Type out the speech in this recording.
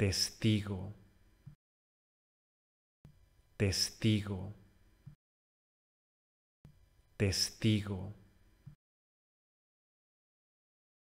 testigo, testigo, testigo.